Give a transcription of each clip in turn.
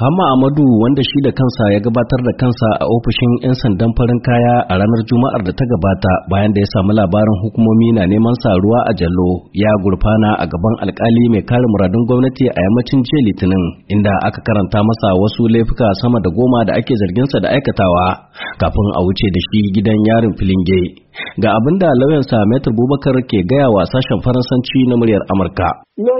Hamma Amadu wanda shi da kansa ya gabatar da kansa a ofishin 'yan sandan farin kaya a ranar Juma'ar da ta gabata bayan da ya samu labarin hukumomi na neman sa ruwa a Jallo ya gurfana a gaban alkali mai kare muradun gwamnati a yammacin jiya Litinin inda aka karanta masa wasu laifuka sama da goma da ake zarginsa da aikatawa kafin a wuce da shi gidan yarin Filinge Ga abin da sa Maitre Bubakar ke gaya wa sashen Faransanci na muryar Amurka. Le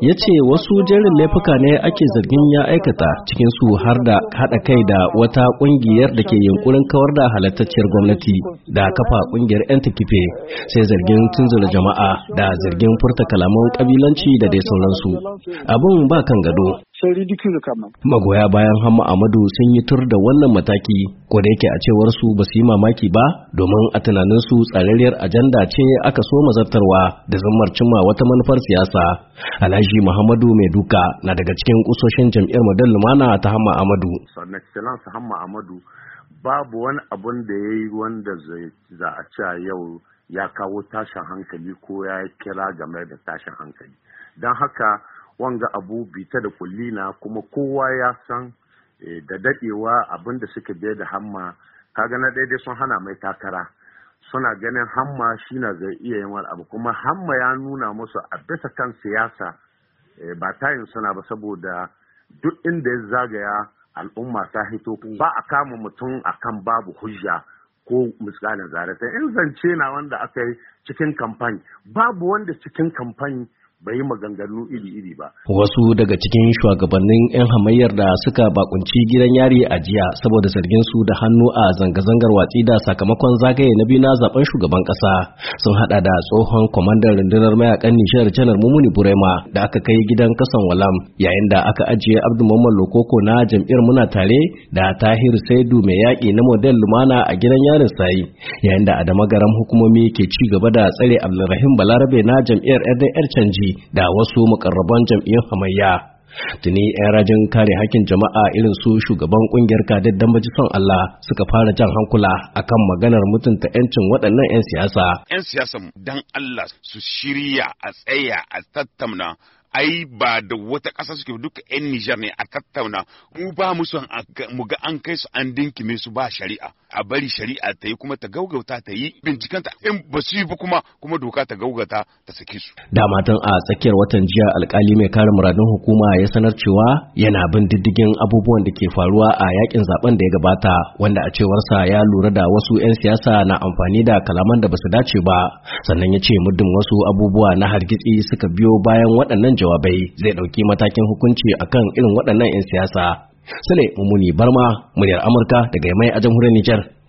Ya ce wasu jerin laifuka ne ake zargin ya aikata cikin su har da haɗa kai da wata ƙungiyar da ke yunkurin kawar da halattacciyar gwamnati da kafa ƙungiyar 'yan takife sai zargin tunzula jama'a da zargin furta kalaman kabilanci da dai sauransu. Abin ba kan gado sai ridicule Magoya bayan Hamma Amadu sun yi tur da wannan mataki ko da yake a cewar su ba su yi mamaki ba domin a tunanin su tsarariyar ajanda ce aka so mazartarwa da zammar cimma wata manufar siyasa. Alhaji Muhammadu duka na daga cikin kusoshin jam'iyyar Madal Lumana ta Hamma Amadu. Sannan Excellence Hamma Amadu babu wani abun da ya yi wanda za a ce yau ya kawo tashin hankali ko ya kira game da tashin hankali. Don haka wanga abu bita da kullina kuma kowa ya san eh, da dadewa abin da suka biya da hamma kaga na daidai sun hana mai takara suna ganin hamma shi na zai iya yin wani abu kuma hamma ya nuna musu a bisa kan siyasa eh, ba tayin suna ba saboda duk inda ya zagaya al'umma ta hito mm. ba a kama mutum akan babu hujja ko misalin zarata in zance na wanda aka yi cikin kamfani babu wanda cikin kamfani bai maganganu iri-iri ba. Wasu daga cikin shugabannin 'yan hamayyar da suka bakunci gidan yari a jiya saboda zargin su da hannu a zanga-zangar watsi da sakamakon zagaye na biyu na zaben shugaban kasa sun hada da tsohon kwamandan rundunar mayakan nishiyar janar mumuni burema da aka kai gidan kasan walam yayin da aka ajiye abdu lokoko na jam'iyyar muna tare da tahir saidu mai yaƙi na model lumana a gidan yarin sayi yayin da adama garam hukumomi ke ci gaba da tsare abdulrahim balarabe na jam'iyyar 'yar canji da wasu makarraban jam'iyyar hamayya tuni 'yan rajin kare hakkin jama'a irin su shugaban kungiyar kadaddan son Allah suka fara jan hankula akan maganar mutunta 'yancin waɗannan 'yan siyasa 'yan siyasan dan Allah su shirya a tsaya a tattamna ai ba da wata ƙasa suke duka 'yan Nijar ne a tattauna mu ba mu son mu ga an kai su an dinkime su ba shari'a a bari shari'a ta yi kuma ta gaugauta ta yi ta in ba su yi ba kuma kuma doka ta gaugauta ta saki su. Da matan a tsakiyar watan jiya alkali mai kare muradun hukuma ya sanar cewa yana bin diddigin abubuwan da ke faruwa a yakin zaben da ya gabata wanda a cewarsa ya lura da wasu 'yan siyasa na amfani da kalaman da ba su dace ba sannan ya ce muddin wasu abubuwa na hargitsi suka biyo bayan waɗannan jawabai zai ɗauki matakin hukunci akan irin waɗannan 'yan siyasa. Sule Mumuni Barma, muryar Amurka daga yamai a jamhuriyar Nijar.